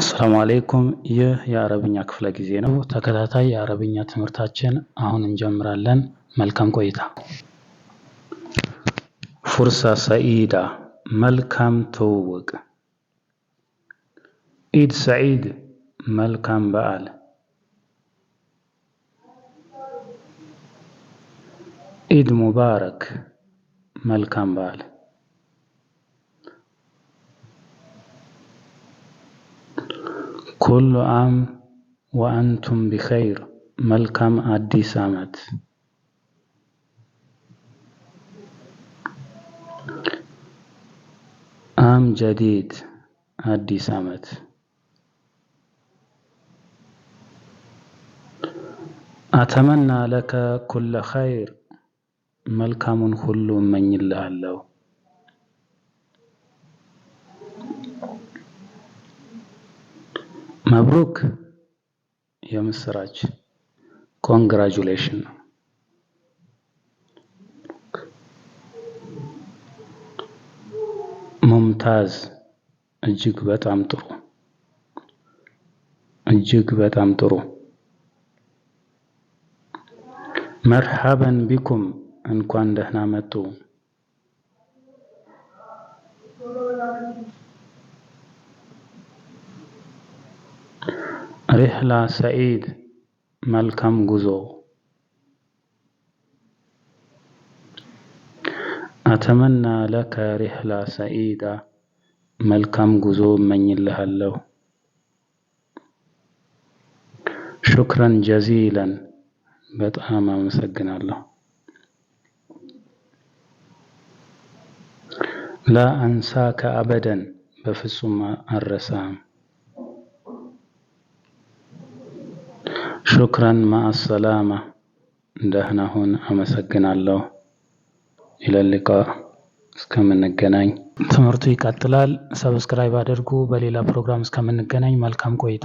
አሰላሙ አሌይኩም ይህ የአረብኛ ክፍለ ጊዜ ነው። ተከታታይ የአረብኛ ትምህርታችን አሁን እንጀምራለን። መልካም ቆይታ። ፉርሳ ሰኢዳ፣ መልካም ትውውቅ። ኢድ ሰዒድ፣ መልካም በዓል። ኢድ ሙባረክ፣ መልካም በዓል كل عام وأنتم بخير ملكم أدي سامت عام جديد أدي سامت أتمنى لك كل خير ملكم كل من يلا الله መብሩክ የምስራች ኮንግራጁሌሽን ነው። ሙምታዝ እጅግ በጣም ጥሩ እጅግ በጣም ጥሩ መርሃበን ቢኩም እንኳን ደህና መጡ ሪህላ ሰዒድ መልካም ጉዞ። አተመና ለከ ሪህላ ሰዒዳ መልካም ጉዞ እመኝልሃለሁ። ሹክረን ጀዚለን በጣም አመሰግናለሁ። ላ አንሳከ አበደን በፍጹም አረሳም። ሹክረን ማአሰላማ ደህና ሁን፣ አመሰግናለሁ። ኢለልቃ እስከምንገናኝ ትምህርቱ ይቀጥላል። ሰብስክራይብ አድርጉ። በሌላ ፕሮግራም እስከምንገናኝ መልካም ቆይታ